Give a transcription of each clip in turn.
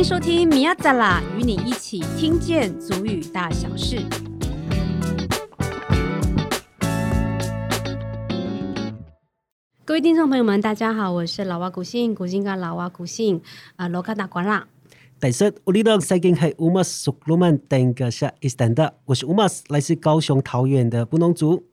歡迎收聽 miaacara，與你一起聽見族語大小事。各位聽眾朋友們，大家好，我是拉娃谷倖，古信加老蛙古信啊，羅卡達瓜拉。第我是巫瑪斯，來自高雄桃源的布農族。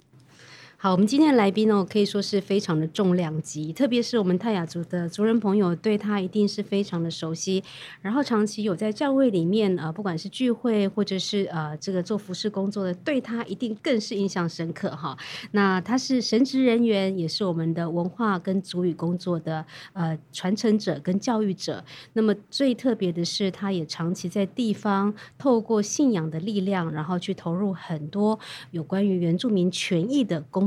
好，我們今天的來賓呢，可以說是非常的重量級，特別是我們泰雅族的族人朋友，對他一定是非常的熟悉。然後長期有在教會裡面，呃，不管是聚會或者是呃，這個做服事工作的，對他一定更是印象深刻哈。那他是神職人員，也是我們的文化跟族語工作的呃傳承者跟教育者。那麼最特別的是，他也長期在地方透過信仰的力量，然後去投入很多有關於原住民權益的工。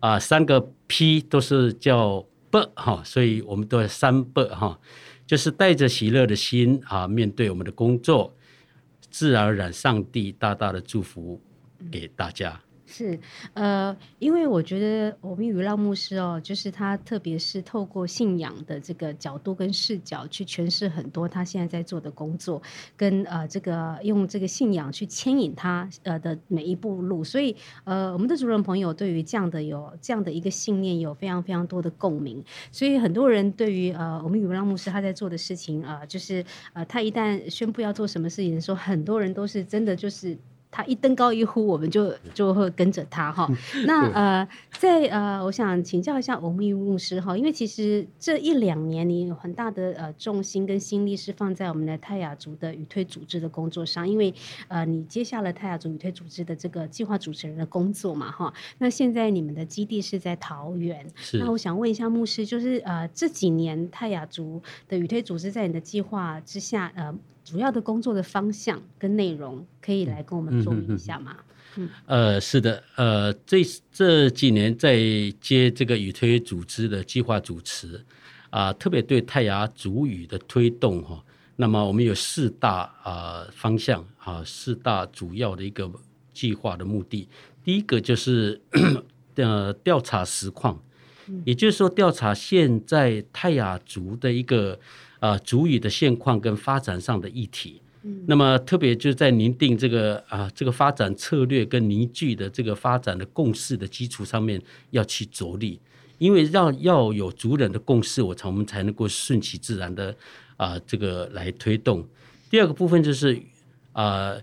啊，三個 P 都是叫不，哈，所以我們都要三不，哈，就是帶着喜樂的心啊，面對我們的工作，自然而然，上帝大大的祝福給大家。嗯。是，呃，因為我覺得我們偉浪牧師哦，就是他特別是透過信仰的這個角度跟視角去詮釋很多他現在在做的工作，跟呃這個用這個信仰去牽引他呃的每一步路，所以呃我們的主人朋友對於這樣的有這樣的一個信念有非常非常多的共鳴，所以很多人對於呃我們偉浪牧師他在做的事情啊、呃，就是呃他一旦宣布要做什麼事情的時候，很多人都是真的就是。他一登高一呼，我們就就會跟着他哈。 那 呃，在呃，我想請教一下歐蜜牧師哈，因為其實這一兩年你有很大的呃重心跟心力是放在我們的泰雅族的語推組織的工作上，因為呃，你接下了泰雅族語推組織的這個計劃主持人的工作嘛哈、呃。那現在你們的基地是在桃園，那我想問一下牧師，就是呃，這幾年泰雅族的語推組織在你的計劃之下呃。主要的工作的方向跟內容，可以來跟我們說明一下嗎？嗯哼哼，呃，是的，呃，這這幾年在接這個語推組織的計劃主持，啊、呃，特別對泰雅族語的推動哈、哦。那麼我們有四大啊、呃、方向啊、哦，四大主要的一個計劃的目的，第一個就是咳咳、呃、調查實況、嗯，也就是說調查現在泰雅族的一個。啊，族語的現況跟發展上的議題，嗯、那麼特別就在擬定這個啊，這個發展策略跟凝聚的這個發展的共識的基礎上面要去着力，因為讓要，要有族人的共識，我才我們才能夠順其自然的啊，這個來推動。第二個部分就是啊啊、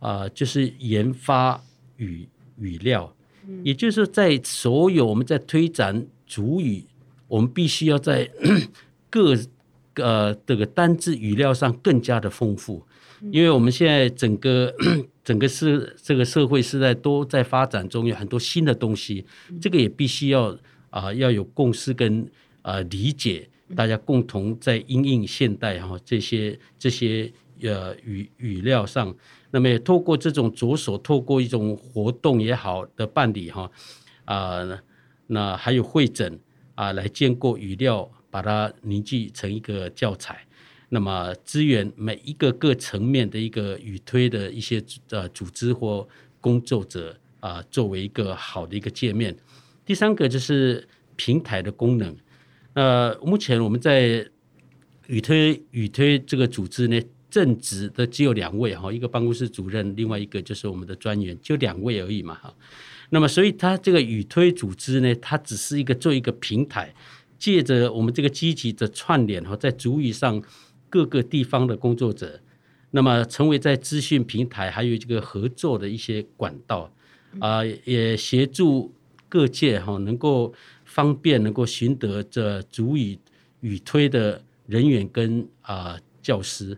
呃呃，就是研發語語料、嗯，也就是說在所有我們在推展族語，我們必須要在、嗯、 各。呃，這個單字語料上更加的豐富，因為我們現在整個整個是這個社會是在都在發展中，有很多新的東西，這個也必須要啊、呃、要有共識跟啊、呃、理解，大家共同在應用現代哈、哦、這些這些呃語語料上，那麼也透過這種着手，透過一種活動也好的辦理哈啊、哦呃、那還有會診啊來建構語料。把它凝聚成一個教材，那麼支援每一個各層面的一個語推的一些呃組織或工作者啊，作為一個好的一個界面。第三個就是平台的功能。那目前我們在語推語推這個組織呢，正職的只有兩位哈，一個辦公室主任，另外一個就是我們的專員，就兩位而已嘛哈。那麼所以它這個語推組織呢，它只是一個做一個平台。借着我們這個積極的串聯哈，在族語上各個地方的工作者，那麼成為在資訊平台還有這個合作的一些管道，啊，也協助各界哈，能夠方便能夠尋得這族語語推的人員跟啊、呃、教師，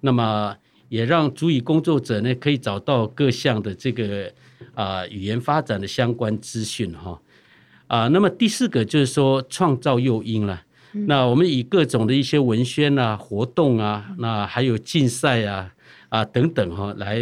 那麼也讓族語工作者呢可以找到各項的這個啊、呃、語言發展的相關資訊哈、哦。啊，那麼第四個就是說創造誘因了、嗯。那我們以各種的一些文宣啊、活動啊，嗯、那還有競賽啊、啊等等哈、啊，來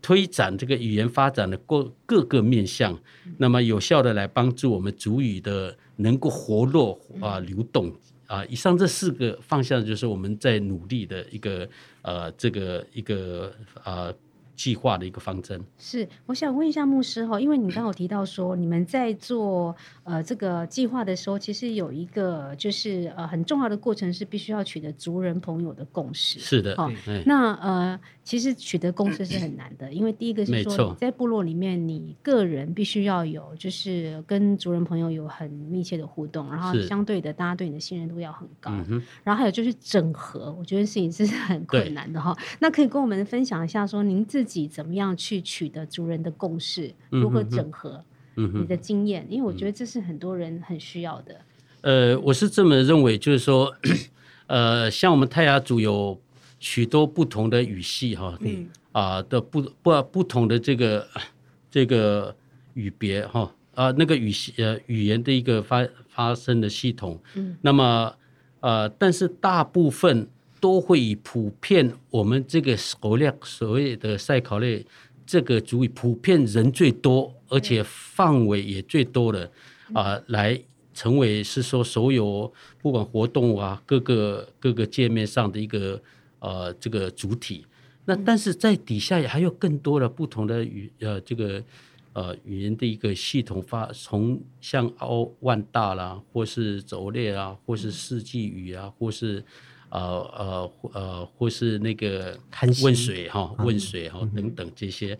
推展這個語言發展的各各個面向、嗯。那麼有效的來幫助我們族語的能夠活絡啊、流動啊。以上這四個方向就是我們在努力的一個呃這個一個啊。呃計劃的一個方針是，我想問一下牧師哈、哦，因為你剛有提到說 你們在做呃這個計劃的時候，其實有一個就是呃很重要的過程是必須要取得族人朋友的共識。是的，哈、哦哎，那呃其實取得共識是很難的， 因為第一個是說你在部落裡面，你個人必須要有就是跟族人朋友有很密切的互動，然後相對的大家對你的信任度要很高、嗯，然後還有就是整合，我覺得事情是很困難的哈、哦。那可以跟我們分享一下說您自己自己怎麼樣去取得族人的共識？如何整合？你的經驗、嗯嗯？因為我覺得這是很多人很需要的。呃，我是這麼認為，就是說， 呃，像我們泰雅族有許多不同的語系哈，啊、嗯、的、呃、不不不，不，不同的這個這個語別哈啊那個語系呃語言的一個發發生的系統。嗯。那麼呃，但是大部分。都會以普遍我們這個所鏈所謂的賽考類這個主，普遍人最多，而且範圍也最多的啊、呃，來成為是說所有不管活動啊，各個各個界面上的一個呃這個主體。那但是在底下也還有更多的不同的語呃這個呃語言的一個系統發，從像歐萬大啦，或是走獵啊，或是四季語啊，或是。呃呃或呃或是那個汶水哈汶、哦、水哈、哦嗯、等等這些、嗯，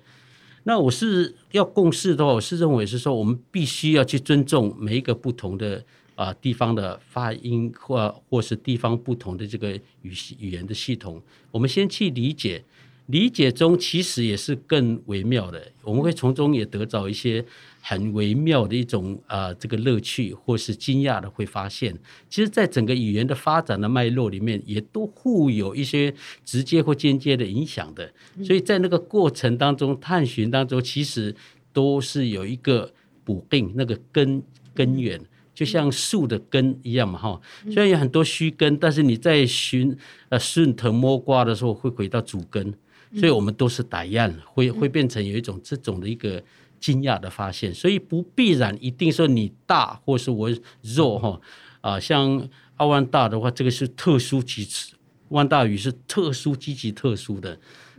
那我是要共識的話，我是認為是說我們必須要去尊重每一個不同的啊、呃、地方的發音或或是地方不同的這個語系語言的系統，我們先去理解，理解中其實也是更微妙的，我們會從中也得到一些，很微妙的一種啊、呃，這個樂趣或是驚訝的會發現，其實，在整個語言的發展的脈絡裡面，也都互有一些直接或間接的影響的。所以在那個過程當中，探尋當中，其實都是有一個補定那個根根源、嗯，就像樹的根一樣嘛，哈、嗯。雖然有很多鬚根，但是你在尋呃順藤摸瓜的時候，會回到主根。所以，我們都是打樣、嗯，會會變成有一種、嗯、這種的一個。驚訝的發現，所以不必然一定說你大，或是我弱哈、嗯、啊。像奧萬大的話，這個是特殊其次，萬大語是特殊極其特殊的，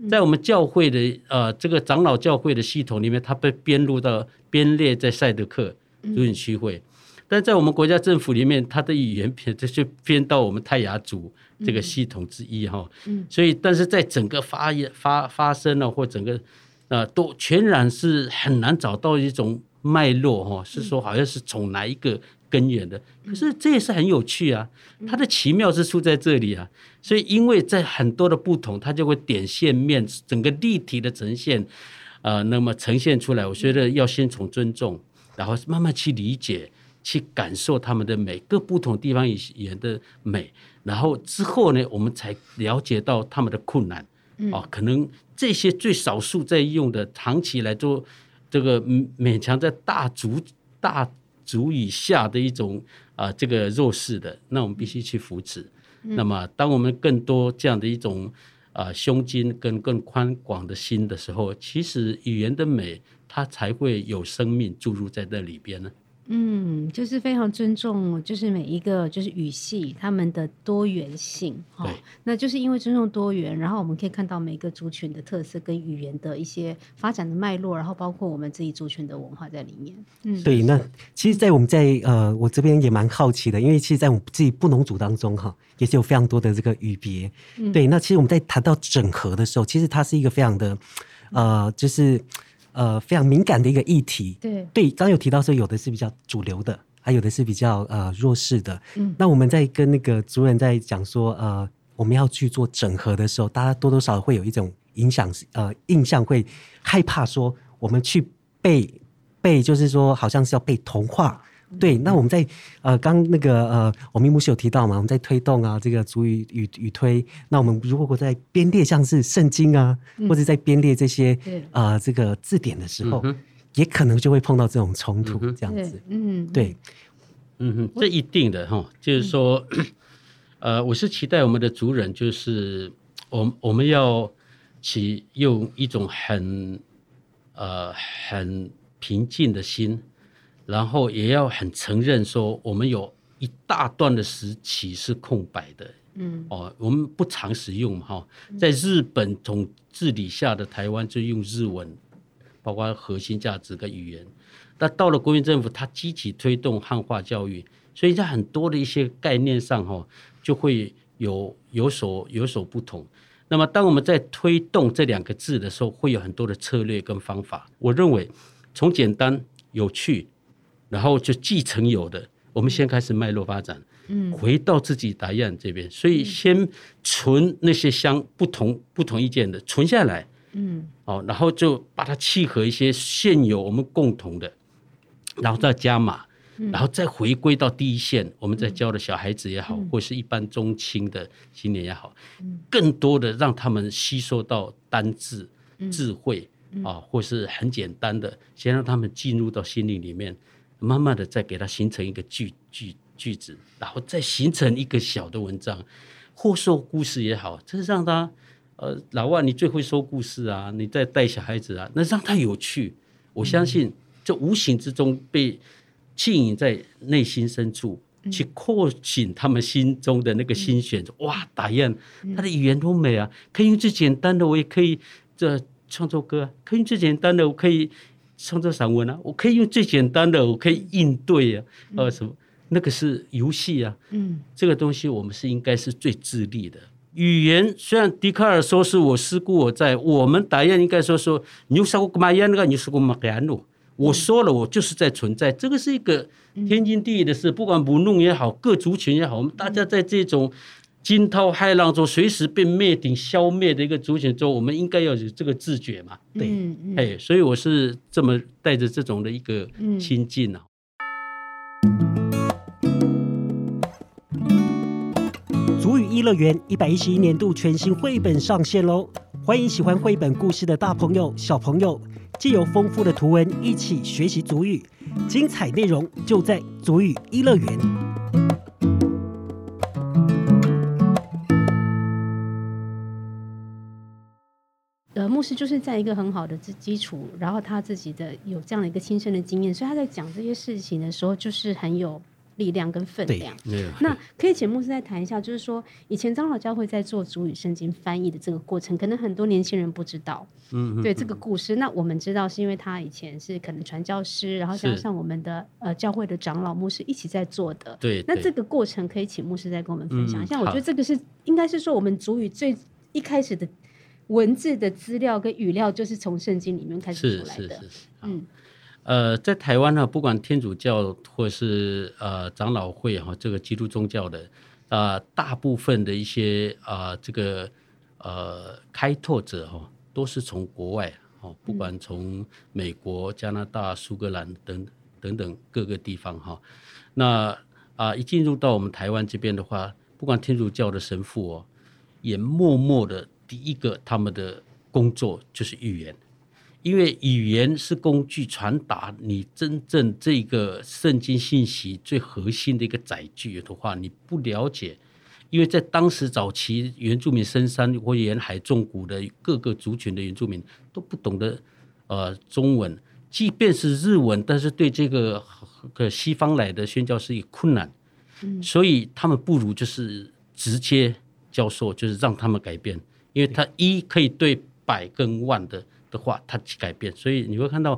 在我們教會的呃這個長老教會的系統裡面，它被編入到編列在賽德克語言區會、嗯。但在我們國家政府裡面，它的語言品，這就編到我們泰雅族這個系統之一哈、嗯。所以，但是在整個發發發生了、啊、或整個。啊、呃，都全然是很難找到一種脈絡哈、哦，是說好像是從哪一個根源的、嗯，可是這也是很有趣啊，它的奇妙之處在這裡啊，所以因為在很多的不同，它就會點線面整個立體的呈現，啊、呃，那麼呈現出來，我覺得要先從尊重，然後慢慢去理解，去感受他們的每個不同地方語言的美，然後之後呢，我們才了解到他們的困難。哦，可能這些最少數在用的，長期來做這個，嗯，勉強在大族大族以下的一種啊、呃，這個弱勢的，那我們必須去扶持。嗯、那麼，當我們更多這樣的一種啊、呃、胸襟跟更寬廣的心的時候，其實語言的美，它才會有生命注入在那裡邊呢。嗯，就是非常尊重，就是每一個就是語系他們的多元性哈、哦，那就是因為尊重多元，然後我們可以看到每個族群的特色跟語言的一些發展的脈絡，然後包括我們自己族群的文化在裡面。嗯，對。那其實，在我們在呃，我這邊也蠻好奇的，因為其實，在我們自己布農族當中哈，也是有非常多的這個語別、嗯。對，那其實我們在談到整合的時候，其實它是一個非常的呃，就是。嗯呃，非常敏感的一個議題。對對，剛剛有提到說，有的是比較主流的，還有的是比較呃弱勢的。嗯，那我們在跟那個主任在講說，呃，我們要去做整合的時候，大家多多少少會有一種影響呃印象，會害怕說我們去被被就是說，好像是要被同化。對，那我們在呃，剛那個呃，我們不是有提到嘛，我們在推動啊，這個族語語語推，那我們如果在編列像是聖經啊，嗯、或者在編列這些啊、呃、這個字典的時候、嗯，也可能就會碰到這種衝突，嗯、這樣子，對嗯，對，嗯哼，這一定的哈，就是說、嗯，呃，我是期待我們的族人，就是我我們要去用一種很呃很平靜的心。然後也要很承認說，我們有一大段的時期是空白的，嗯，哦，我們不常使用哈，在日本統治底下的台灣就用日文，包括核心價值跟語言，那到了國民政府，它積極推動漢化教育，所以在很多的一些概念上哈，就會有有所有所不同。那麼當我們在推動這兩個字的時候，會有很多的策略跟方法。我認為從簡單有趣。然後就繼承有的，我們先開始脈絡發展，嗯，回到自己大院這邊，所以先存那些相不同不同意見的存下來，嗯，哦，然後就把它契合一些現有我們共同的，然後再加碼，嗯，然後再回歸到第一線，我們在教的小孩子也好，嗯，或是一般中青的青年也好，嗯，更多的讓他們吸收到單字，嗯，智慧啊，哦，或是很簡單的，先讓他們進入到心靈裡面。慢慢的再給他形成一個句句句子，然後再形成一個小的文章，或說故事也好，就是讓他呃，老外你最會說故事啊，你在帶小孩子啊，那讓他有趣，我相信這無形之中被浸淫在內心深處，嗯、去叩醒他們心中的那個心弦、嗯。哇，泰雅、嗯，他的語言多美啊！可以用最簡單的，我也可以這創作歌，可以用最簡單的，我可以。創作散文啊，我可以用最簡單的，我可以應對呀、啊，呃，嗯、什麼那個是遊戲啊，嗯，這個東西我們是應該是最自立的。語言雖然笛卡爾說是我思故我在，我們大家應該說說，你有想過呀？你說我嗎？我說了，我就是在存在、嗯，這個是一個天經地義的事，不管不弄也好，各族群也好，我們大家在這種。驚濤駭浪中，隨時被滅頂消滅的一個族群中，我們應該要有這個自覺嘛？對，哎、嗯嗯，所以我是這麼帶着這種的一個心境哦。族、嗯、語一樂園一百一十一年度全新繪本上線嘍！歡迎喜歡繪本故事的大朋友、小朋友，藉由豐富的圖文一起學習族語，精彩內容就在族語一樂園。牧師就是在一個很好的基礎，然後他自己的有這樣的一個親身的經驗，所以他在講這些事情的時候，就是很有力量跟分量。那可以請牧師再談一下，就是說以前長老教會在做族語聖經翻譯的這個過程，可能很多年輕人不知道。嗯哼哼。對，這個故事，那我們知道是因為他以前是可能傳教士，然後加上我們的呃教會的長老牧師一起在做的對。對。那這個過程可以請牧師再跟我們分享一下。嗯。我覺得這個是應該是說我們族語最一開始的。文字的資料跟語料，就是從聖經裡面開始出來的是。是是是是。嗯，呃，在台灣呢、啊，不管天主教或是呃長老會哈、啊，這個基督宗教的啊、呃，大部分的一些啊、呃，這個呃開拓者哈、啊，都是從國外哈、啊、不管從美國、加拿大、蘇格蘭等等等各個地方哈、啊。那啊、呃，一進入到我們台灣這邊的話，不管天主教的神父哦、啊，也默默的。第一個，他們的工作就是語言，因為語言是工具，傳達你真正這個聖經信息最核心的一個載具的話，你不了解，因為在當時早期原住民深山或沿海種谷的各個族群的原住民都不懂得呃中文，即便是日文，但是對這個西方來的宣教是一個困難，嗯，所以他們不如就是直接教授，就是讓他們改變。因為他一可以對百跟萬的的話，他改變，所以你會看到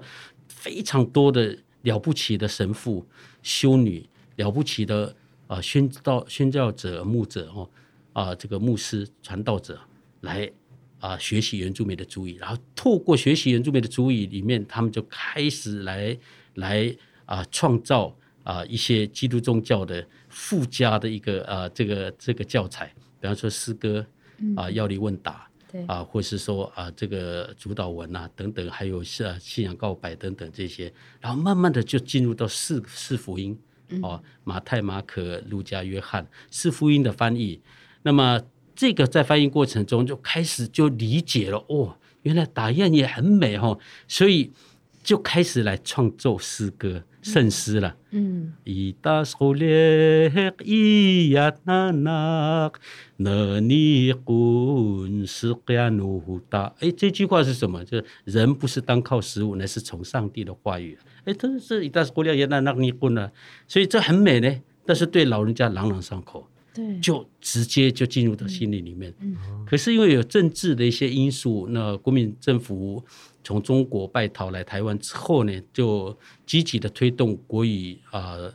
非常多的了不起的神父、修女、了不起的啊宣道、宣教者、牧者哦啊、呃，這個牧師、傳道者來啊、呃、學習原住民的主義，然後透過學習原住民的主義裡面，他們就開始來來啊、呃、創造啊、呃、一些基督宗教的附加的一個啊、呃、這個這個教材，比方說詩歌。嗯、啊，要理問答，對啊，或是說啊，這個主禱文啊，等等，還有是信仰告白等等這些，然後慢慢的就進入到四四福音，哦、啊嗯，馬太、馬可、路加、約翰四福音的翻譯，那麼這個在翻譯過程中就開始就理解了，哦，原來打雁也很美哦，所以就開始來創作詩歌。聖詩了，嗯，伊達蘇列伊亞那納那尼古斯貝努達，哎、欸，這句話是什麼？就是人不是單靠食物，乃是從上帝的話語。哎、欸，他這一達蘇列伊那納尼古呢？所以這很美呢，但是對老人家朗朗上口，對，就直接就進入到心裡裡面、嗯嗯。可是因為有政治的一些因素，那個、國民政府。從中國敗逃來台灣之後呢，就積極的推動國語啊，呃、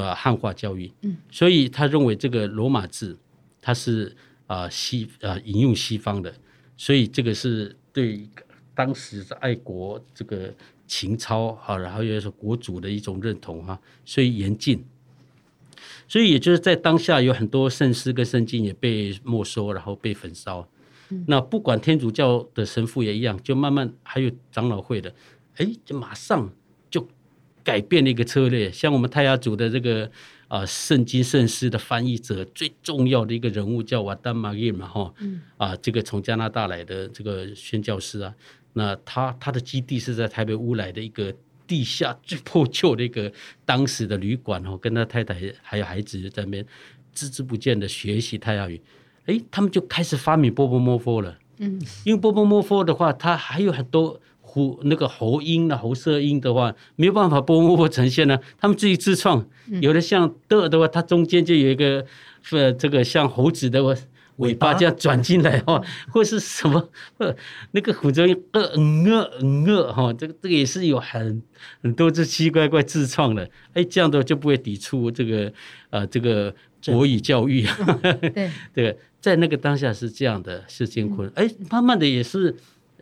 呃漢化教育，所以他認為這個羅馬字，它是啊、呃、西啊、呃、引用西方的，所以這個是對當時的愛國這個情操啊，然後也是國主的一種認同哈、啊，所以嚴禁，所以也就是在當下有很多聖詩跟聖經也被沒收，然後被焚燒。那不管天主教的神父也一樣，就慢慢還有長老會的，哎、欸，就馬上就改變了一個策略。像我們泰雅族的這個啊，聖、呃、經聖詩的翻譯者，最重要的一個人物叫瓦丹馬因嘛，哈，嗯，啊，這個從加拿大來的這個宣教師啊，那他他的基地是在台北烏來的一個地下最破舊的一個當時的旅館哦，跟他太太還有孩子在那邊孜孜不倦的學習泰雅語。哎，他們就開始發明波波摩佛了。嗯，因為波波摩佛的話，它還有很多喉那個喉音、那喉舌音的話，沒有辦法波波摩佛呈現了、啊。他們自己自創、嗯，有的像的的話，它中間就有一個，呃，這個像猴子的尾巴這樣轉進來哈、哦，或是什麼呃，那個喉塞音呃呃呃哈，這、呃、個、呃呃呃、這個也是有很很多只奇奇怪怪自創的。哎，這樣的話就不會抵觸這個呃，這個國語教育。對。 對。在那個當下是這樣的，是艱苦，哎、欸，慢慢的也是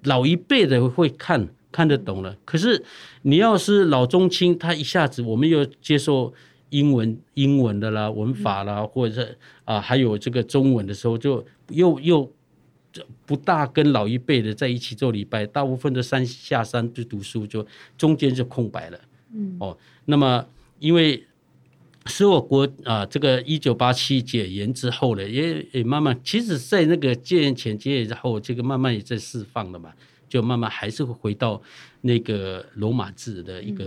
老一輩的會看看得懂了。可是你要是老中青，他一下子我們又接受英文、英文的啦，文法啦，或者是啊、呃，還有這個中文的時候，就又又不大跟老一輩的在一起做禮拜。大部分的山下山去讀書，就中間就空白了。嗯哦，那麼因為。是，我國啊、呃，這個一九八七解嚴之後呢，也也慢慢，其實，在那個戒嚴前、戒嚴後，這個慢慢也在釋放了嘛，就慢慢還是會回到那個羅馬字的一個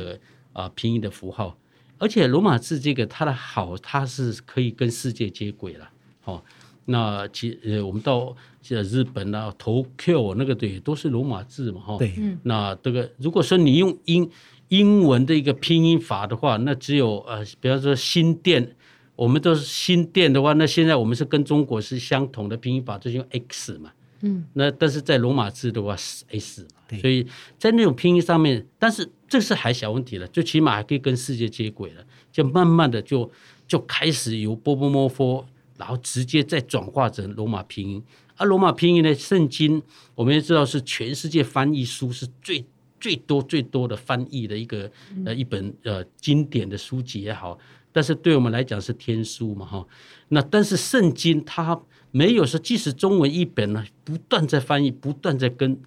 啊、嗯呃、拼音的符號。而且羅馬字這個它的好，它是可以跟世界接軌了。好，那其呃，我們到日本啊投 Q 那個對，都是羅馬字嘛，哈。對、嗯。那這個，如果說你用英。英文的一個拼音法的話，那只有呃，比方說新店，我們都是新店的話，那現在我們是跟中國是相同的拼音法，就是用 X 嘛，嗯，那但是在羅馬字的話是 S 嘛，所以在那種拼音上面，但是這是還小問題了，最起碼還可以跟世界接軌了，就慢慢的就就開始由波波摩佛，然後直接再轉化成羅馬拼音，啊，羅馬拼音呢，聖經，我們也知道是全世界翻譯書是最。最多最多的翻譯的一個、嗯、呃一本呃經典的書籍也好，但是對我們來講是天書嘛哈。那但是聖經它沒有說，即使中文譯本呢，不斷在翻譯，不斷在跟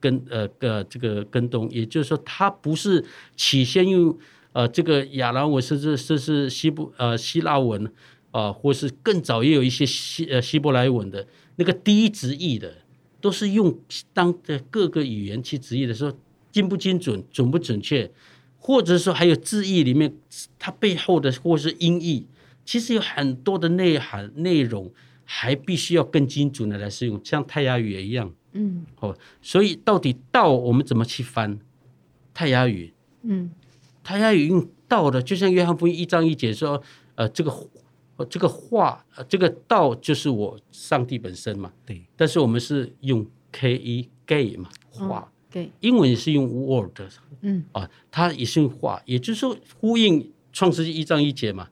跟呃呃這個更動，也就是說它不是起先用呃這個亞蘭文，甚至甚至西部、呃、希布呃希臘文啊，或是更早也有一些希呃希伯來文的那個第一直譯的，都是用當的、呃、各個語言去直譯的時候。精不精準，準不準確，或者說還有字義裡面，它背後的或是音譯，其實有很多的內涵內容，還必須要更精準的來使用。像泰雅語也一樣，嗯，好、哦，所以到底道我們怎麼去翻泰雅語？嗯，泰雅語用道的，就像約翰福音一章一節說，呃，這個、呃、這個話，呃，這個道就是我上帝本身嘛，對。但是我們是用 ke gay -E、嘛話。對，英文也是用 word，嗯啊，它也是用話，也就是說呼應創世紀一章一節嘛。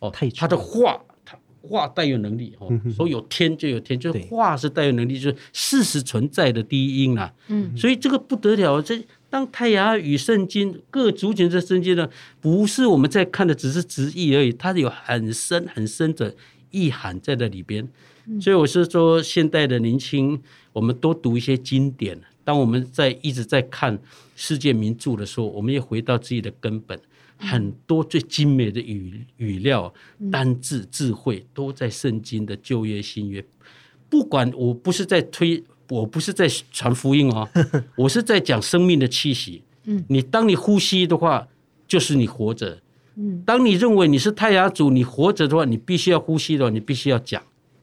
哦，它的話，它話帶有能力哦，所、嗯、以有天就有天，就是話是帶有能力，就是事實存在的第一因啊。嗯，所以這個不得了，這當泰雅與聖經各族群的聖經呢，不是我們在看的只是直譯而已，它有很深很深的意涵在這裡邊。嗯、所以我是說，說，現代的年輕，我們多讀一些經典。當我們在一直在看世界名著的時候，我們也回到自己的根本。嗯、很多最精美的語語料、單字、智慧都在聖經的舊約、新約、嗯。不管我不是在推，我不是在傳福音哦， 我是在講生命的氣息、嗯。你當你呼吸的話，就是你活着。嗯、當你認為你是泰雅族，你活着的話，你必須要呼吸的話，你必須要講。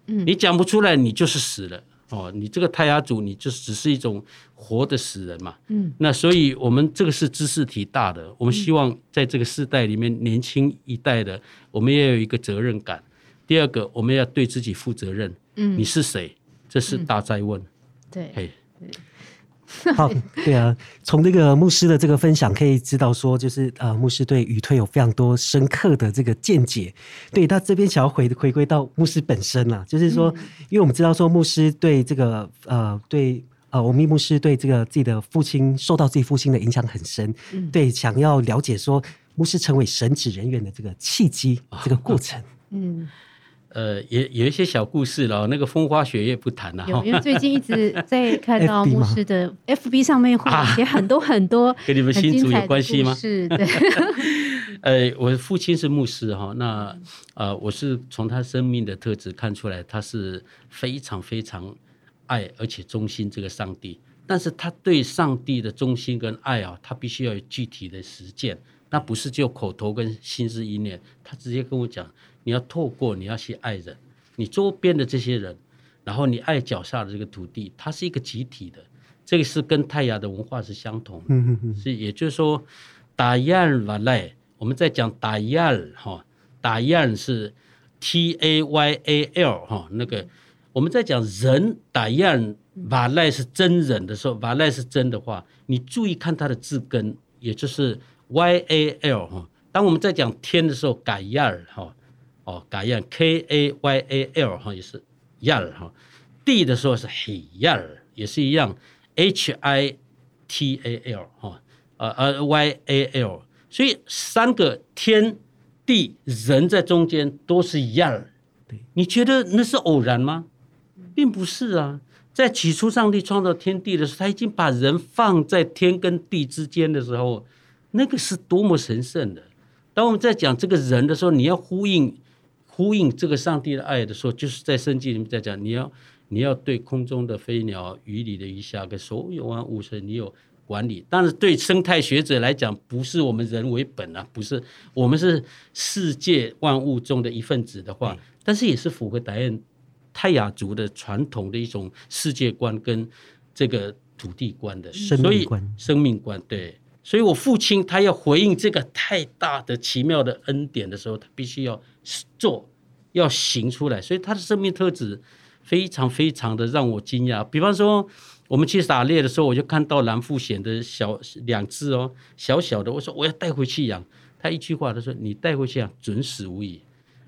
嗯、你講不出來，你就是死了。哦，你這個泰雅族，你就只是一種活的死人嘛。嗯，那所以，我們這個是知識體大的，我們希望在這個世代裡面、嗯，年輕一代的，我們要有一個責任感。第二個，我們要對自己負責任。嗯，你是誰，這是大哉問。嗯嗯、對。Hey. 對 好，對啊，從這個牧師的這個分享可以知道，說就是呃，牧師對語推有非常多深刻的這個見解。對他這邊想要回回歸到牧師本身了、啊，就是說、嗯，因為我們知道說牧師對這個呃對呃，我們牧師對這個自己的父親受到自己父親的影響很深、嗯，對，想要了解說牧師成為神職人員的這個契機這個過程，哦、嗯。呃，也有一些小故事嘍。那個風花雪月不談啦，有，因為最近一直在看到牧師的 FB 上面會寫很多很多、啊、很跟你們新主有關係嗎？對 呃、是對。呃，我的父親是牧師哈，那呃，我是從他生命的特質看出來，他是非常非常愛而且忠心這個上帝。但是他對上帝的忠心跟愛啊，他必須要有具體的實踐，那不是就口頭跟心思意念。他直接跟我講。你要透過，你要去愛人，你周邊的這些人，然後你愛腳下的這個土地，它是一個集體的，這個是跟泰雅的文化是相同的。嗯 是，也就是說，打雁瓦賴，我們在再講打雁哈，打雁是 T A Y A L 哈，那個我們在講人打雁瓦賴是真人的時候，瓦賴是真的話，你注意看它的字根，也就是 Y A L 哈。當我們在講天的時候，改雁哈。哦，改樣，K A Y A L 哈，也是 yal 哈，d 的時候是 hiyal 也是一樣，H I T A L 哈，呃呃 Y A L，所以三個天地人在中間都是 yal。對，你覺得那是偶然嗎？並不是啊，在起初上帝創造天地的時候，他已經把人放在天跟地之間的時候，那個是多麼神聖的。當我們在講這個人的時候，你要呼應。呼應這個上帝的愛的時候，就是在聖經裡面在講，你要你要對空中的飛鳥、雨裡的魚蝦跟所有萬物，是你有管理。但是對生態學者來講，不是我們人為本啊，不是我們是世界萬物中的一份子的話，嗯、但是也是符合台灣泰雅族的傳統的一種世界觀跟這個土地觀的，所以生命觀，生命觀對。所以我父親他要回應這個太大的奇妙的恩典的時候，他必須要。做要行出來，所以他的生命特質非常非常的讓我驚訝。比方說，我們去打獵的時候，我就看到藍腹鷴的小兩只哦，小小的，我說我要帶回去養。他一句話，他說你帶回去啊，準死無疑。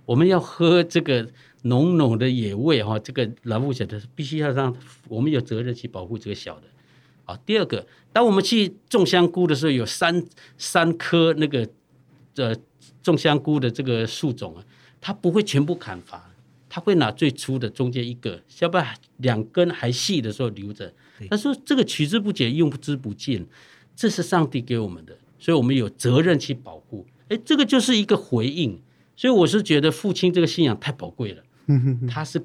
我們要喝這個濃濃的野味哈，這個藍腹鷴的必須要讓我們有責任去保護這個小的。啊，第二個，當我們去種香菇的時候，有三三棵那個呃種香菇的這個樹種啊。他不會全部砍伐，他會拿最粗的中間一個，下半兩根還細的時候留着。他說：“這個取之不竭，用之不盡，這是上帝給我們的，所以我們有責任去保護。嗯”哎，這個就是一個回應。所以我是覺得父親這個信仰太寶貴了，嗯、哼哼他是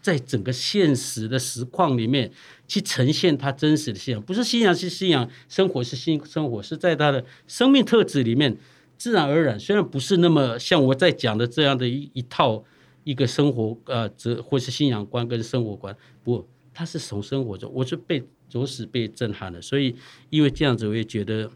在整個現實的實況裡面去呈現他真實的信仰，不是信仰是信仰，生活是信生活，是在他的生命特質裡面。自然而然，雖然不是那麼像我在講的這樣的一一套一個生活呃這或是信仰觀跟生活觀，不他它是從生活中，我是被着實被震撼了。所以因為這樣子，我也覺得，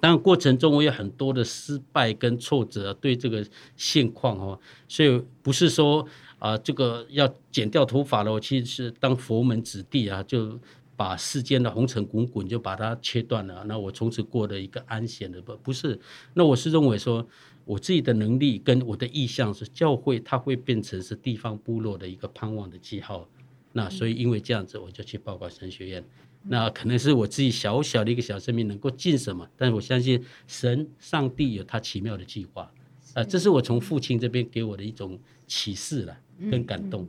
但過程中我有很多的失敗跟挫折、啊，對這個現況哦，所以不是說啊、呃、這個要剪掉頭髮了，我其實是當佛門子弟啊就。把世間的紅塵滾滾就把它切斷了，那我從此過了一個安閒的不不是，那我是認為說，我自己的能力跟我的意向是教會，它會變成是地方部落的一個盼望的記號，那所以因為這樣子，我就去報考神學院，那可能是我自己小小的一個小生命能夠進什麼，但我相信神上帝有他奇妙的計劃啊、呃，這是我從父親這邊給我的一種啟示了，跟感動。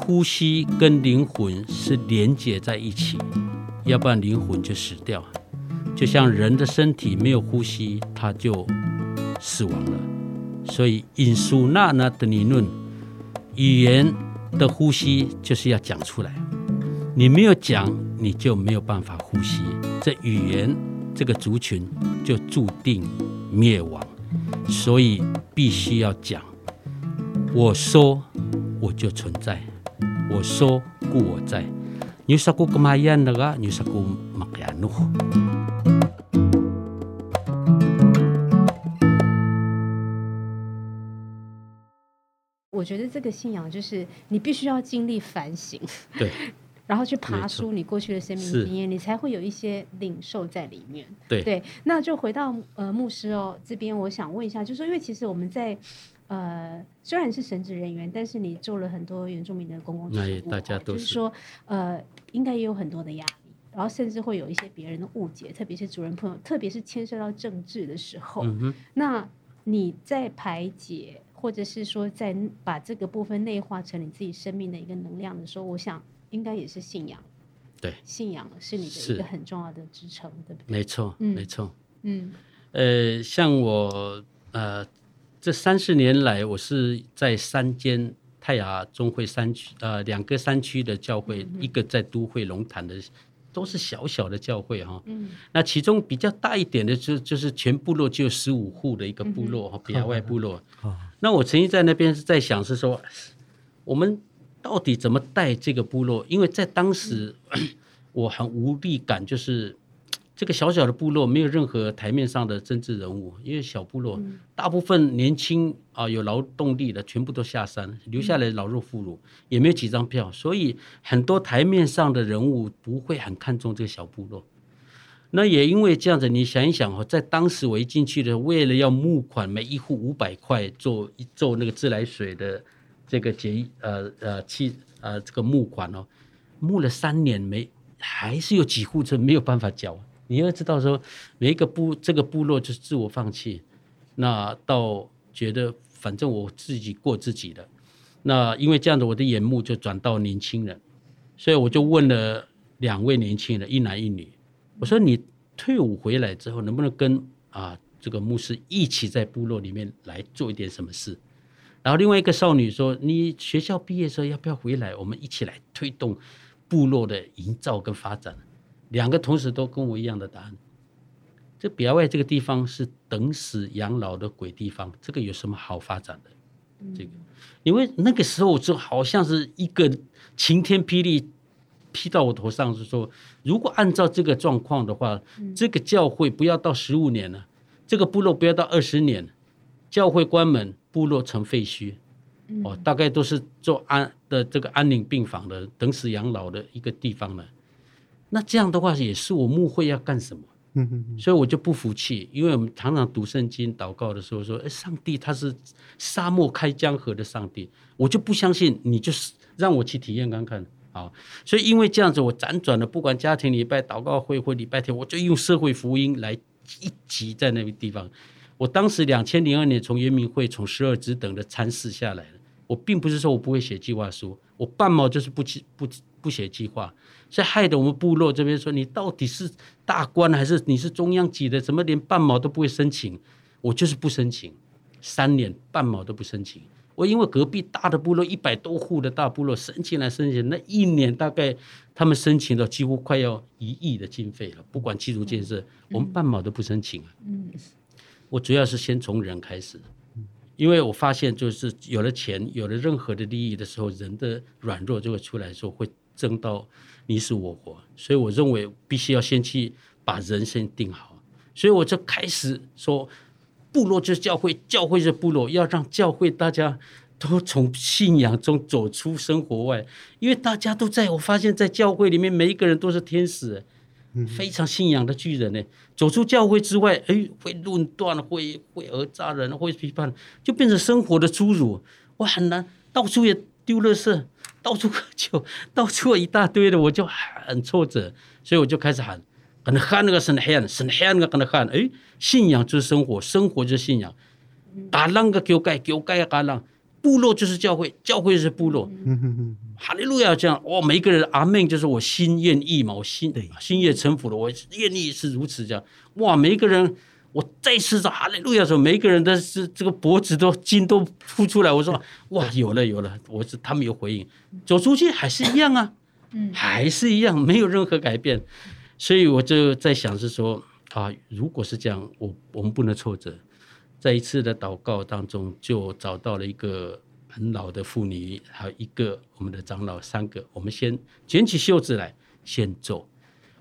呼吸跟靈魂是連接在一起，要不然靈魂就死掉了。就像人的身體沒有呼吸，它就死亡了。所以印舒納那的理論，語言的呼吸就是要講出來。你沒有講，你就沒有辦法呼吸。這語言，這個族群就注定滅亡。所以必須要講。我說，我就存在。我說故我在，你有過考驗，的該你說過磨，我覺得這個信仰就是你必須要經歷反省，對，然後去爬梳，你過去的生命經驗，你才會有一些領受在裡面。對，對那就回到呃牧師哦，這邊，我想問一下，就是說因為其實我們在。呃，雖然是神職人員，但是你做了很多原住民的公共事務，就是說，呃，應該也有很多的壓力，然後甚至會有一些別人的誤解，特別是族人朋友，特別是牽涉到政治的時候、嗯哼，那你在排解，或者是說在把這個部分內化成你自己生命的一個能量的時候，我想應該也是信仰，對，信仰是你的一個很重要的支撐，對不對，沒錯，沒錯，嗯，呃、嗯欸，像我，呃。這三十年來，我是在三間泰雅中會山區，呃，兩個山區的教會，嗯、一個在都會龍潭的，都是小小的教會哈、嗯。那其中比較大一點的，就是，就就是全部落就十五戶的一個部落哈、嗯，比較外部落、嗯。那我曾經在那邊是在想，是說、嗯、我們到底怎麼帶這個部落？因為在當時、嗯、我很無力感，就是。這個小小的部落沒有任何台面上的政治人物，因為小部落大部分年輕啊有勞動力的全部都下山，留下來老弱婦孺也沒有幾張票，所以很多台面上的人物不會很看重這個小部落。那也因為這樣子，你想一想哦，在當時我一進去的時候為了要募款，每一戶五百塊做一做那個自來水的這個結呃呃器呃這個募款哦，募了三年沒，還是有幾戶是沒有辦法繳。你要知道說，每一個部這個部落就是自我放棄，那到覺得反正我自己過自己的，那因為這樣子我的眼目就轉到年輕人，所以我就問了兩位年輕人，一男一女，我說你退伍回來之後能不能跟啊這個牧師一起在部落裡面來做一點什麼事？然後另外一個少女說，你學校畢業的時候要不要回來，我們一起來推動部落的營造跟發展。兩個同事都跟我一樣的答案，這表外，這個地方是等死養老的鬼地方，這個有什麼好發展的？這、嗯、個，因為那個時候就好像是一個晴天霹靂霹劈到我頭上，是說如果按照這個狀況的話，嗯、這個教會不要到十五年了，這個部落不要到二十年，教會關門，部落成廢墟，嗯、哦，大概都是做安的這個安寧病房的等死養老的一個地方了。那這樣的話，也是我慕會要幹什麼？所以我就不服氣，因為我們常常讀聖經、禱告的時候說：“上帝他是沙漠開江河的上帝。”我就不相信，你就是讓我去體驗、看看。好，所以因為這樣子，我輾轉了，不管家庭禮拜、禱告會或禮拜天，我就用社會福音來一集在那個地方。我當時二千零二年從原民會從十二職等的參事下來，我並不是說我不會寫計劃書，我半毛就是不不不寫計劃。所以害得我們部落這邊說，你到底是大官還是你是中央級的？怎麼連半毛都不會申請？我就是不申請，三年半毛都不申請。我因為隔壁大的部落，一百多戶的大部落申請來申請，那一年大概他們申請的幾乎快要一億的經費了，不管基礎建設，我們半毛都不申請啊。嗯，我主要是先從人開始，因為我發現就是有了錢，有了任何的利益的時候，人的軟弱就會出來說會增到。你死我活，所以我認為必須要先去把人生定好，所以我就開始說，部落就是教會，教會就是部落，要讓教會大家都從信仰中走出生活外，因為大家都在，我發現在教會裡面每一個人都是天使，嗯、非常信仰的巨人呢、欸。走出教會之外，哎、欸，會論斷，會會訛詐人，會批判，就變成生活的侏儒，我很難到處也。丟了事，到處喝酒，到處一大堆的，我就很挫折，所以我就開始喊，跟他喊那個神喊，神喊啊，跟他喊，誒，信仰就是生活，生活就是信仰，打浪個給我蓋給我蓋個打浪，部落就是教會，教會就是部落，哈利路亞這樣，哇，每個人阿們就是我心願意嘛，我心對心悅誠服了，我願意是如此這樣，哇，每一個人。我再次找，阿雷路亞說，每個人都是這個脖子都筋都浮出來。我說哇，有了有了，我是，他沒有回應，走出去還是一樣啊，嗯，還是一樣，沒有任何改變。所以我就在想，是說啊，如果是這樣，我我們不能挫折。在一次的禱告當中，就找到了一個很老的婦女，還有一個我們的長老，三個，我們先卷起袖子來，先走。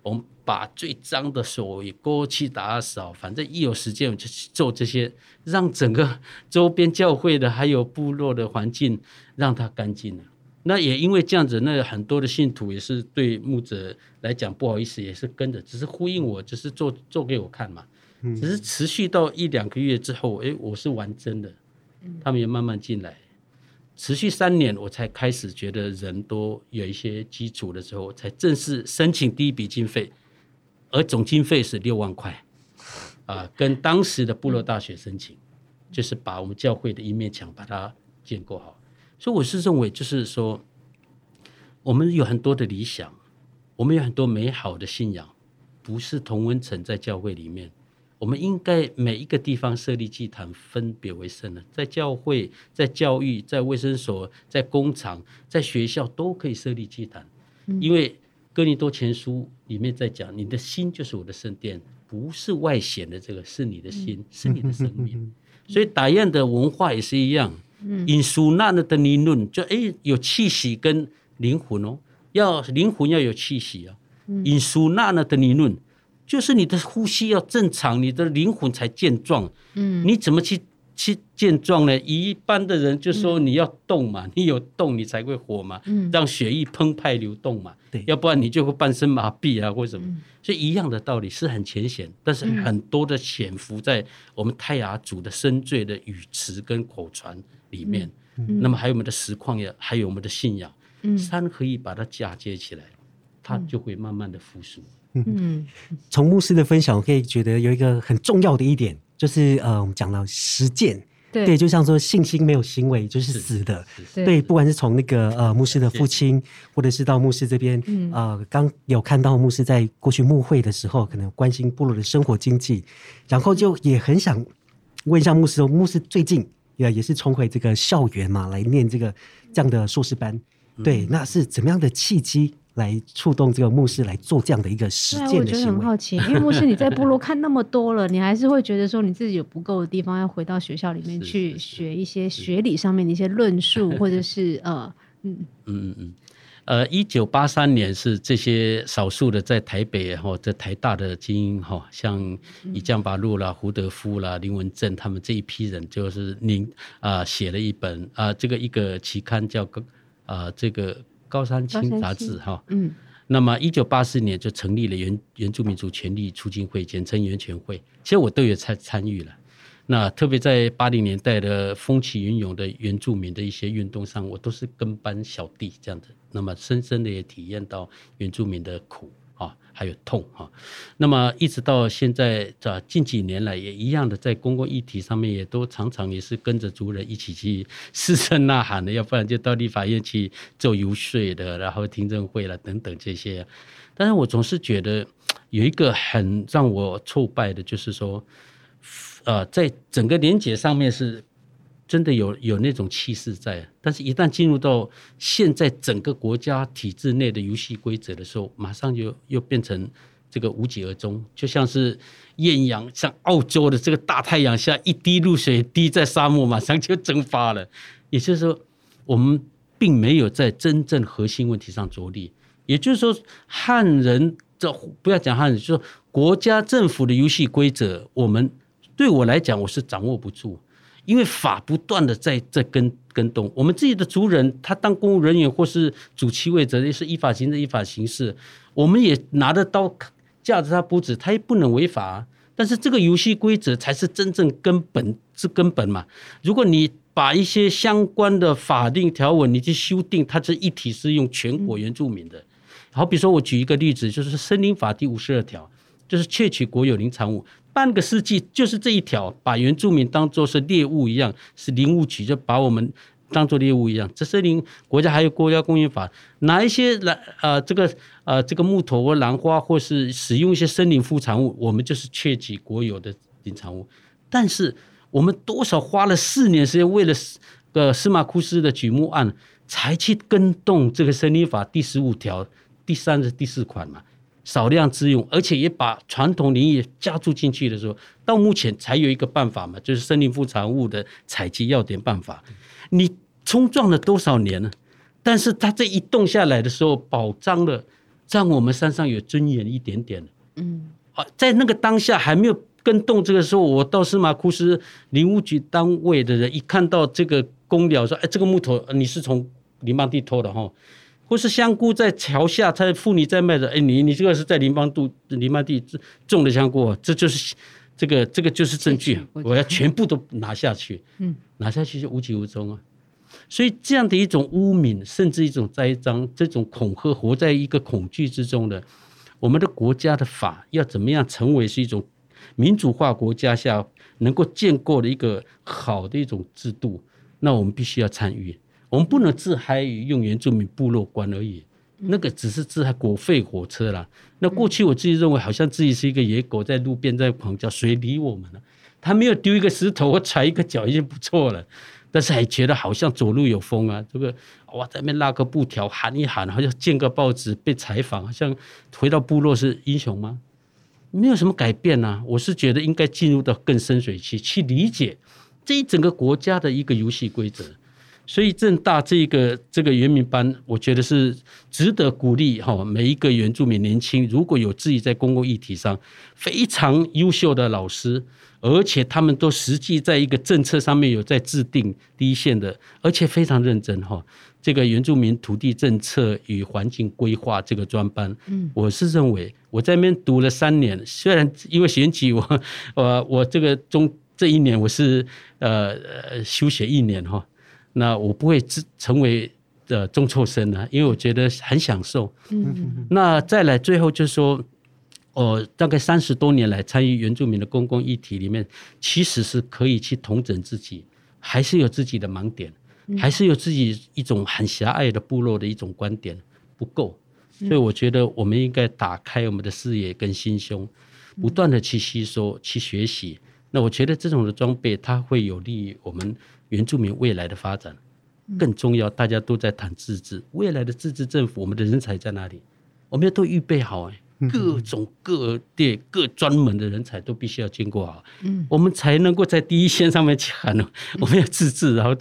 我們把最髒的手也過去打掃，反正一有時間我就去做這些，讓整個周邊教會的還有部落的環境，讓它乾淨了。那也因為這樣子，那很多的信徒也是對牧者來講不好意思，也是跟着，只是呼應我，只是做做給我看嘛、嗯。只是持續到一兩個月之後，哎，我是玩真的，他們也慢慢進來。持續三年，我才開始覺得人多有一些基礎的時候，才正式申請第一筆經費，而總經費是六萬塊，啊、呃，跟當時的部落大學申請，就是把我們教會的一面牆把它建構好。所以我是認為，就是說，我們有很多的理想，我們有很多美好的信仰，不是同溫層在教會裡面。我們應該每一個地方設立祭壇，分別為聖了，在教會、在教育、在衛生所、在工廠、在學校都可以設立祭壇，因為哥林多前書裡面在講，你的心就是我的聖殿，不是外顯的這個，是你的心、嗯，是你的生命。所以泰雅的文化也是一樣，引蘇那的理論，就有氣息跟靈魂、哦、要靈魂要有氣息啊，引蘇的理論。就是你的呼吸要正常，你的靈魂才健壯。嗯，你怎麼去去健壯呢？一般的人就說，你要動嘛，嗯、你有動你才會活嘛、嗯，讓血液澎湃流動嘛。對、嗯，要不然你就會半身麻痹啊，或什麼。嗯、所以一樣的道理是很淺顯，但是很多的潛伏在我們泰雅族的深邃的語詞跟口傳裡面嗯。嗯，那麼還有我們的實況也，還有我們的信仰，嗯，三可以把它嫁接起來，它就會慢慢的復甦。嗯嗯嗯,嗯，從牧師的分享，我可以覺得有一個很重要的一點，就是呃，我們講到實踐對，對，就像說信心沒有行為就是死的，是是是，對。不管是從那個呃牧師的父親，或者是到牧師這邊，呃，剛有看到牧師在過去牧會的時候，可能關心部落的生活經濟，然後就也很想問一下牧師，牧師最近也也是重回這個校園嘛，來念這個這樣的碩士班，嗯、對，那是怎麼樣的契機？來觸動這個牧師來做這樣的一個事。踐的、哎、我覺得很好奇， 因為牧師你在部落看那麼多了， 你還是會覺得說你自己有不夠的地方，要回到學校裡面去學一些學理上面的一些論述，是是是是或者是 呃，嗯嗯嗯嗯，呃，一九八三年是這些少數的在台北哈、哦，在台大的精英哈、哦，像夷將·拔路兒啦、胡德夫啦、啊、林文正他們這一批人，就是您啊、呃、寫了一本啊、呃、這個一個期刊叫啊、呃、這個。高山青雜誌哈，嗯，那麼一九八四年就成立了原原住民族權利促進會，簡稱原權會，其實我都有參參與了。那特別在八零年代的風起雲湧的原住民的一些運動上，我都是跟班小弟這樣子，那麼深深的也體驗到原住民的苦。啊、哦，還有痛啊、哦，那麼一直到現在，這、啊、近幾年來也一樣的，在公共議題上面，也都常常也是跟着族人一起去失聲吶喊的，要不然就到立法院去做遊說的，然後聽證會了等等這些。但是我總是覺得有一個很讓我挫敗的，就是說、呃，在整個連結上面是。真的有有那種氣勢在，但是，一旦進入到現在整個國家體制內的遊戲規則的時候，馬上就又，又變成這個無疾而終，就像是豔陽，像澳洲的這個大太陽下，一滴露水滴在沙漠，馬上就蒸發了。也就是說，我們並沒有在真正核心問題上着力。也就是說，漢人這不要講漢人，就是說國家政府的遊戲規則，我們對我來講，我是掌握不住。因為法不斷的在在跟跟動，我們自己的族人，他當公務人員或是主其位者，也是依法行政、依法行事。我們也拿著刀架著他脖子，他也不能違法。但是這個遊戲規則才是真正根本之根本嘛。如果你把一些相關的法定條文你去修訂，它，這一體適用全國原住民的。好，比如說，我舉一個例子，就是《森林法》第五十二條，就是竊取國有林產物，半個世紀就是這一條，把原住民當作是獵物一樣，是林務局，就把我們當作獵物一樣。這森林國家還有國家公園法，哪一些來？啊、呃，這個啊、呃，這個木頭或蘭花，或是使用一些森林副產物，我們就是竊取國有的林產物。但是我們多少花了四年時間，為了司司、呃、馬庫斯的櫸木案，才去更動這個森林法第十五條第三是第四款嘛。少量自用，而且也把傳統林業加入進去的時候，到目前才有一個辦法嘛，就是森林副產物的採集要點辦法。你衝撞了多少年呢、啊？但是他這一動下來的時候，保障了讓我們山上有尊嚴一點點嗯，好、啊，在那個當下還沒有更動這個時候，我到司馬庫斯林務局單位的人一看到這個工寮說：“哎、欸，這個木頭、啊、你是從林班地偷的哈。”或是香菇在橋下，他的婦女在賣着。哎、欸，你你這個是在林邦度林邦地種的香菇，這就是這個這個就是證據我。我要全部都拿下去，嗯、拿下去就無疾無蹤啊。所以這樣的一種污名，甚至一種栽贓，這種恐嚇，活在一個恐懼之中的，我們的國家的法要怎麼樣成為是一種民主化國家下能夠建構的一個好的一種制度？那我們必須要參與。我們不能自嗨於用原住民部落觀而已，那個只是自嗨果廢火車了。那過去我自己認為，好像自己是一個野狗，在路邊在狂叫，誰理我們呢？啊。他沒有丟一個石頭，我踩一個腳已經不錯了，但是還覺得好像走路有風啊。這個哇，在那邊拉個布條喊一喊，好像見個報紙被採訪，好像回到部落是英雄嗎？沒有什麼改變啊。我是覺得應該進入到更深水區去理解這一整個國家的一個遊戲規則。所以政大這個這個原民班，我覺得是值得鼓勵哈。每一個原住民年輕，如果有自己在公共議題上非常優秀的老師，而且他們都實際在一個政策上面有在制定第一線的，而且非常認真哈。這個原住民土地政策與環境規劃這個專班，我是認為我在那邊讀了三年，雖然因為選舉，我我我這個中這一年我是呃休學一年哈。那我不會自成為呃中輟生呢，啊，因為我覺得很享受。嗯、那再來最後就是說，我、呃、大概三十多年來參與原住民的公共議題裡面，其實是可以去統整自己，還是有自己的盲點，嗯、還是有自己一種很狹隘的部落的一種觀點不夠。所以我覺得我們應該打開我們的視野跟心胸，不斷的去吸收、嗯、去學習。那我覺得這種的裝備它會有利於我們。原住民未來的發展更重要，大家都在談自治，未來的自治政府，我們的人才在哪裡？我們要都預備好啊，各種各地各專門的人才都必須要經過啊，我們才能夠在第一線上面去喊我們要自治，然後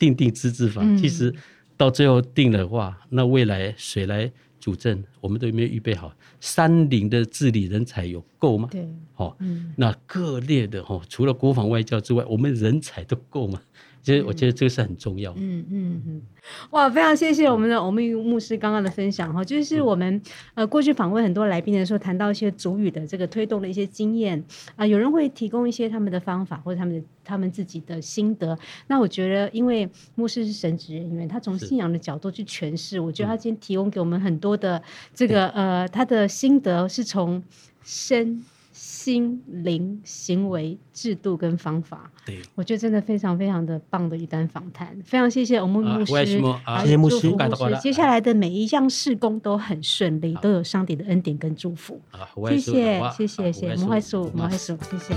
定定自治法。其實到最後定的話，那未來誰來主政？我們都沒有預備好，山林的治理人才有夠嗎？對，好，那各列的哈，除了國防外交之外，我們人才都夠嗎？其實我覺得這個是很重要的。嗯嗯嗯，嗯，哇，非常謝謝我們的歐蜜牧師剛剛的分享哈、嗯，就是我們呃過去訪問很多來賓的時候，談到一些族語的這個推動的一些經驗啊、呃，有人會提供一些他們的方法或者他們的他們自己的心得。那我覺得，因為牧師是神職人員，他從信仰的角度去詮釋，我覺得他今天提供給我們很多的這個、嗯、呃他的心得是從身。心靈、行為、制度跟方法，我覺得真的非常非常的棒的一段訪談。非常謝謝歐蜜牧師，啊我啊、謝謝牧、啊、師，祝福牧、嗯、師。接下來的每一項事工都很順利、啊，都有上帝的恩典跟祝福。謝、啊、謝，謝謝，謝、啊、謝。mhway su'，mhway su'，謝謝。謝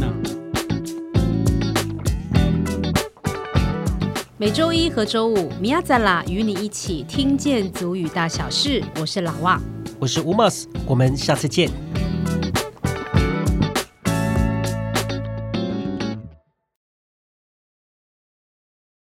謝 每周一和周五，米亞贊拉與你一起聽見族語大小事。我是 Lawa，我是 Umas，我們下次見。